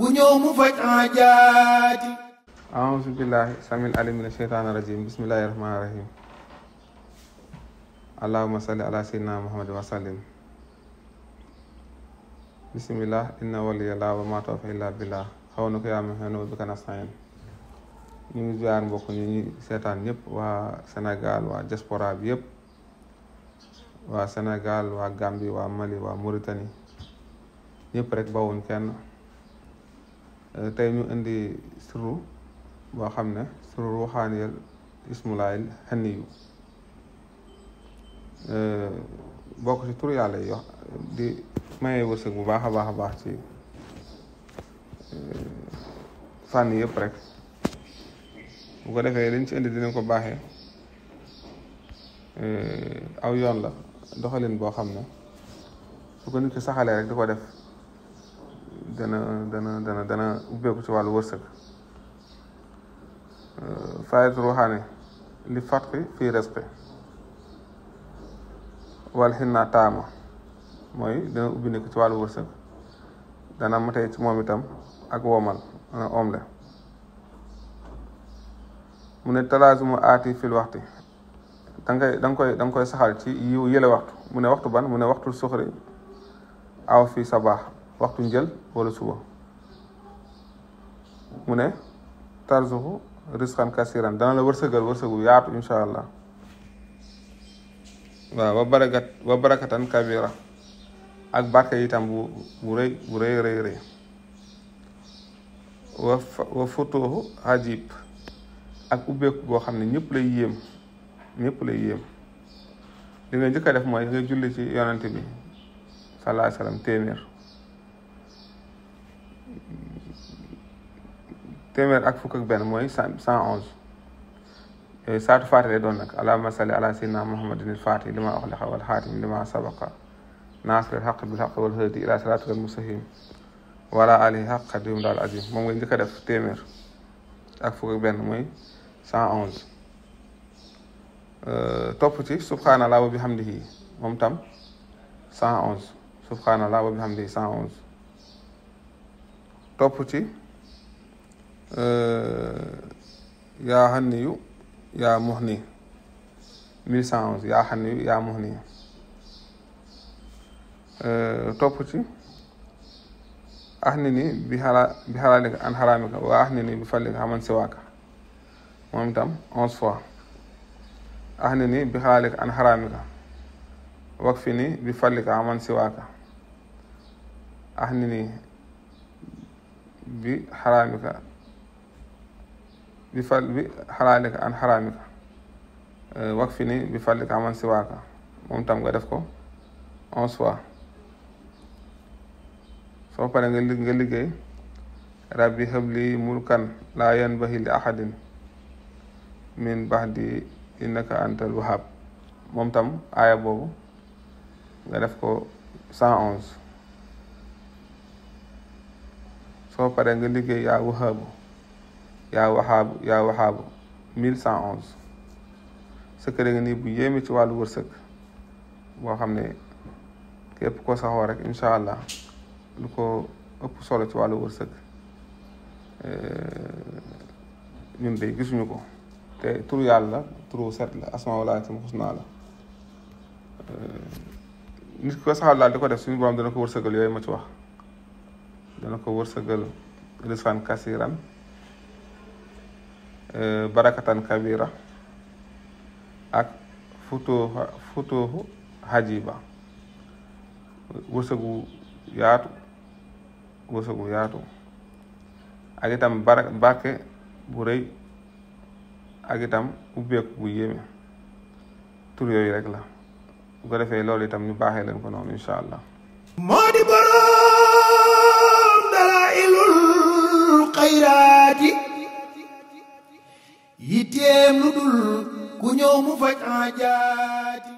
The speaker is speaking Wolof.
ku ñëw mu faj aajaati aouzu billahi samil alim mina sheytaani rajim bismillahi rahmaani rahim allahuma salli ala sayyidina bismillah inna waliyallah wa ma tawfiq illa billah xaw na ko yaa ma bi kana sayen ñu ngi ziar ñu seetaan ñëpp waa Sénégal waa diaspora yëpp waa Sénégal waa Gambie waa Mali waa Mauritanie ñëpp rek bawuñ kenn tey ñu indi suru boo xam ne suru ruuxaaniyal ismulaayil xaniyu bokk ci tur yàlla yi di maye wërsëg bu baax a baax a baax ci fànn yëpp rek bu ko defee liñ ci indi dinañ ko baaxee aw yoon la doxalin boo xam ne su ko nit ki saxalee rek di ko def dana dana dana ubbeeku ci wàllu wërsëg euh, fayat ruuxaane li fatqi fii resqi wal xinnaa taama mooy dana ubbi ci wàllu wërsëg dana matee ci moom itam ak womal ana omle mu fil waxti da ngay koy da koy saxal ci yiw yële waxtu mu ne waxtu ban mu ne waxtul suxri aw fii sa baax وقت جل ورسوه mu ne tarzuhu risqan kasiran dana la wërsëgal wërsëgu yaatu insha allah waaw wa barakat wa barakatan kabira ak barke itam bu bu rëy bu rëy rëy rëy wa wa futuhu ajib ak ubbeeku boo xam ne ñëpp lay yéem ñëpp lay yéem li nga njëkk a def mooy nga julli ci yonante bi sallallahu alayhi wa sallam téeméer téeméer ak fukk ak benn mooy cent onze saatu faati lay doon nag allahumma salli ala sayyidina muhammadin al-faatihi lima ughliqa wal xaatimi lima sabaqa naasiril haqqi bil haqqi wal haadi ila siraatikal mustaqim wa ala aalihi haqqa qadrihi wal azim moom nga njëkk a def téeméer ak fukk ak benn mooy cent onze topp ci subhanallah wa bihamdihi moom tam cent onze subhanallah wa bihamdihi cent onze topp ci yaa hanniyu yaa muhni 1111 yaa hanniyu yaa muhni topp ci ahnini bi xala bi xalaalika an xaraamika waa ahnini bi fallika xaman siwaaka moom itam onze fois ahnini bi xalaalika an xaraamika wakfini bi fallika xaman siwaaka ahnini bi xaraamika بفعل بحلالك عن حرامك أه، وقفني بفعلك عمل سواك ممتع مغرفك أو سوا سوا فرنجل جلجة ربي هب لي ملكا لا ينبهي لأحد من بعد إنك أنت الوهاب ممتع آية بوبو غرفكو 111 سوا فرنجل جلجة يا وهابو yaa waxaabu yaa waxaabu 1111 secret nga nii bu yéeme ci wàllu wërsëg boo xam ne képp koo saxoo rek incha allah lu ko ëpp solo ci wàllu wërsëg eh, ñun de gisuñu ko te turu yàlla turu set la asma wala tam xusnaa la eh, nit ki ko saxal daal di ko def suñu borom dana ko wërsëgal yooyu ma ci wax dana ko wërsëgal risfan kasiran Eh, barakatan kabira ak futuhu futuhu hajiba wërsëgu yaatu wërsëgu yaatu ak itam barke bu rëy ak itam ubbeeku bu yéeme tur yooyu rek la bu ko defee loolu itam ñu baaxee leen ko noonu incha allah yéem lu dul ku ñëw mu faj aajaati